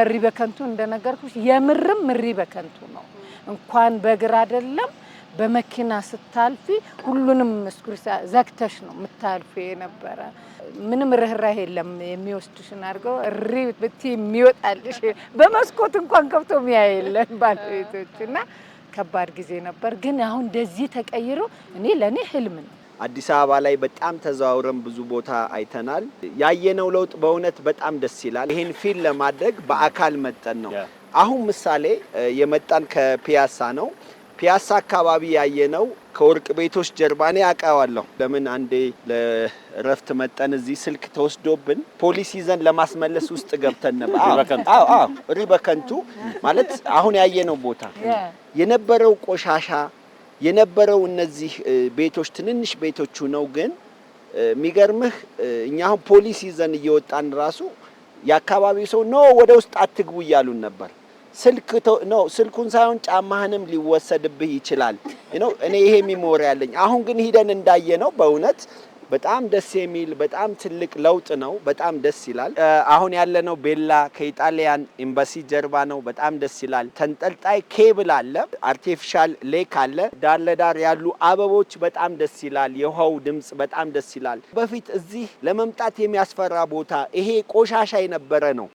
እሪ በከንቱ እንደነገርኩሽ የምርም እሪ በከንቱ ነው። እንኳን በእግር አይደለም በመኪና ስታልፊ ሁሉንም እስኩር ዘግተሽ ነው የምታልፊ የነበረ። ምንም ርኅራህ የለም። የሚወስድሽን አድርገው እሪ ብትይ የሚወጣልሽ በመስኮት እንኳን ከብቶ ሚያ የለን ባለቤቶች እና ከባድ ጊዜ ነበር። ግን አሁን እንደዚህ ተቀይሮ እኔ ለእኔ ህልም ነው አዲስ አበባ ላይ በጣም ተዘዋውረን ብዙ ቦታ አይተናል። ያየነው ለውጥ በእውነት በጣም ደስ ይላል። ይህን ፊል ለማድረግ በአካል መጠን ነው። አሁን ምሳሌ የመጣን ከፒያሳ ነው። ፒያሳ አካባቢ ያየነው ከወርቅ ቤቶች ጀርባ እኔ አውቃዋለሁ። ለምን አንዴ ለረፍት መጠን እዚህ ስልክ ተወስዶብን ፖሊስ ይዘን ለማስመለስ ውስጥ ገብተን ነበር። ሪበከንቱ ማለት አሁን ያየነው ቦታ የነበረው ቆሻሻ የነበረው እነዚህ ቤቶች ትንንሽ ቤቶቹ ነው። ግን የሚገርምህ እኛ አሁን ፖሊስ ይዘን እየወጣን ራሱ የአካባቢው ሰው ኖ ወደ ውስጥ አትግቡ እያሉን ነበር። ስልክ ስልኩን ሳይሆን ጫማህንም ሊወሰድብህ ይችላል ነው። እኔ ይሄ ሚሞሪ ያለኝ አሁን ግን ሂደን እንዳየ ነው በእውነት በጣም ደስ የሚል በጣም ትልቅ ለውጥ ነው። በጣም ደስ ይላል። አሁን ያለነው ቤላ ከኢጣሊያን ኤምባሲ ጀርባ ነው። በጣም ደስ ይላል። ተንጠልጣይ ኬብል አለ፣ አርቲፊሻል ሌክ አለ። ዳር ለዳር ያሉ አበቦች በጣም ደስ ይላል። የውሃው ድምፅ በጣም ደስ ይላል። በፊት እዚህ ለመምጣት የሚያስፈራ ቦታ ይሄ ቆሻሻ የነበረ ነው።